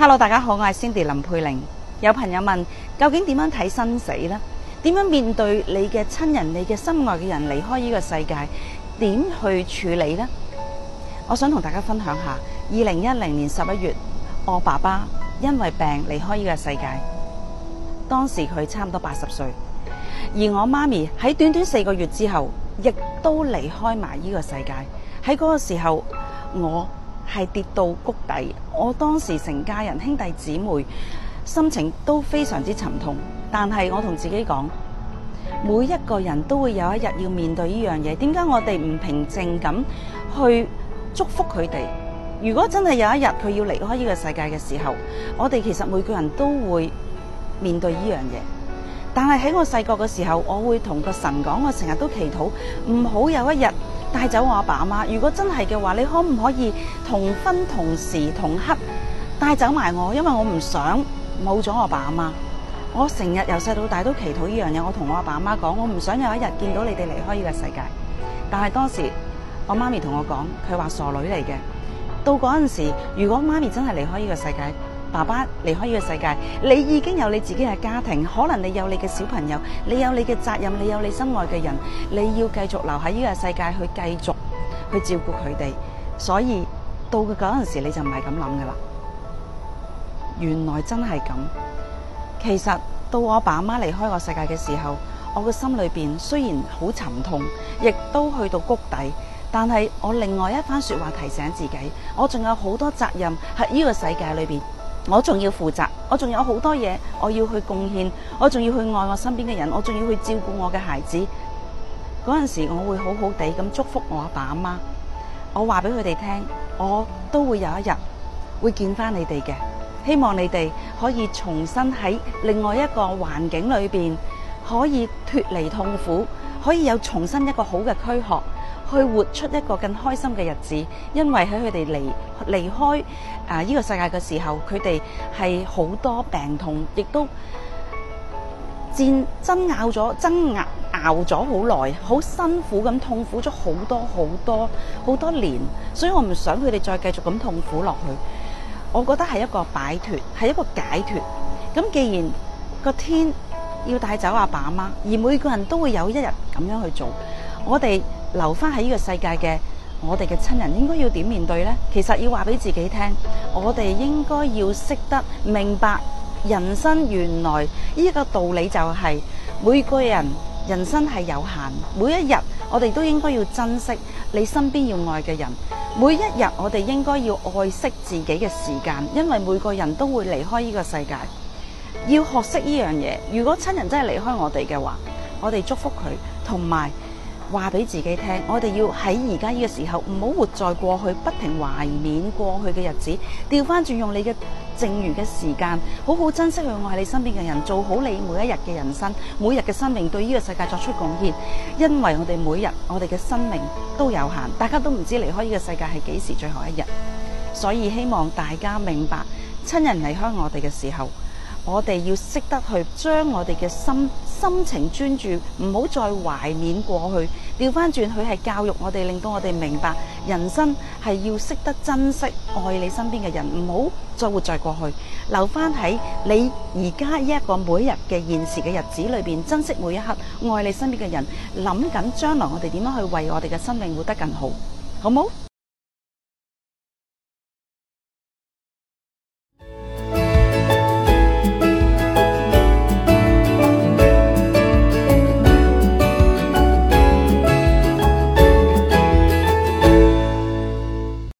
Hello，大家好，我係 Cindy 林佩玲。有朋友問，究竟點樣睇生死呢？點樣面對你嘅親人、你嘅心愛嘅人離開呢個世界？點去處理呢？我想同大家分享下。二零一零年十一月，我爸爸因為病離開呢個世界，當時佢差唔多八十歲，而我媽咪喺短短四個月之後，亦都離開埋呢個世界。喺嗰個時候，我係跌到谷底，我當時成家人兄弟姊妹心情都非常之沉痛。但係我同自己講，每一個人都會有一日要面對呢樣嘢。點解我哋唔平靜咁去祝福佢哋？如果真係有一日佢要離開呢個世界嘅時候，我哋其實每個人都會面對呢樣嘢。但係喺我細個嘅時候，我會同個神講，我成日都祈禱，唔好有一日帶走我阿爸阿媽。如果真係嘅話，你可唔可以同分同時同刻帶走埋我？因為我唔想冇咗我阿爸阿媽。我成日由細到大都祈禱呢樣嘢，我同我阿爸阿媽講，我唔想有一日見到你哋離開呢個世界。但係當時我媽咪同我講，佢話傻女嚟嘅。到嗰陣時，如果媽咪真係離開呢個世界，爸爸離開呢個世界，你已經有你自己嘅家庭，可能你有你嘅小朋友，你有你嘅責任，你有你心愛嘅人，你要繼續留喺呢個世界去繼續去照顧佢哋。所以到嗰陣時，你就唔係咁諗噶啦。原來真係咁。其實到我爸媽離開我世界嘅時候，我嘅心裏邊雖然好沉痛，亦都去到谷底，但係我另外一番說話提醒自己，我仲有好多責任喺呢個世界裏邊。我仲要負責，我仲有好多嘢，我要去貢獻，我仲要去愛我身邊嘅人，我仲要去照顧我嘅孩子。嗰陣時我會好好地咁祝福我阿爸阿媽，我話俾佢哋聽，我都會有一日會見翻你哋嘅。希望你哋可以重新喺另外一個環境裏邊可以脫離痛苦，可以有重新一個好嘅軀殼。去活出一個更開心嘅日子，因為喺佢哋離離開啊呢、呃這個世界嘅時候，佢哋係好多病痛，亦都煎熬咗、煎熬咗好耐，好辛苦咁痛苦咗好多好多好多年，所以我唔想佢哋再繼續咁痛苦落去。我覺得係一個擺脱，係一個解脱。咁既然個天要帶走阿爸阿媽，而每個人都會有一日咁樣去做。我哋留翻喺呢個世界嘅我哋嘅親人應該要點面對呢？其實要話俾自己聽，我哋應該要識得明白人生原來呢個道理就係每個人人生係有限，每一日我哋都應該要珍惜你身邊要愛嘅人，每一日我哋應該要愛惜自己嘅時間，因為每個人都會離開呢個世界。要學識呢樣嘢，如果親人真係離開我哋嘅話，我哋祝福佢，同埋。話俾自己聽，我哋要喺而家呢個時候唔好活在過去，不停懷念過去嘅日子，掉返轉，用你嘅剩餘嘅時間，好好珍惜去愛你身邊嘅人，做好你每一日嘅人生，每日嘅生命對呢個世界作出貢獻。因為我哋每日我哋嘅生命都有限，大家都唔知離開呢個世界係幾時最後一日，所以希望大家明白，親人離開我哋嘅時候，我哋要識得去將我哋嘅心。心情專注，唔好再懷念過去。調翻轉，佢係教育我哋，令到我哋明白，人生係要識得珍惜，愛你身邊嘅人，唔好再活在過去，留翻喺你而家呢一個每日嘅現時嘅日子裏邊，珍惜每一刻，愛你身邊嘅人，諗緊將來我哋點樣去為我哋嘅生命活得更好，好冇？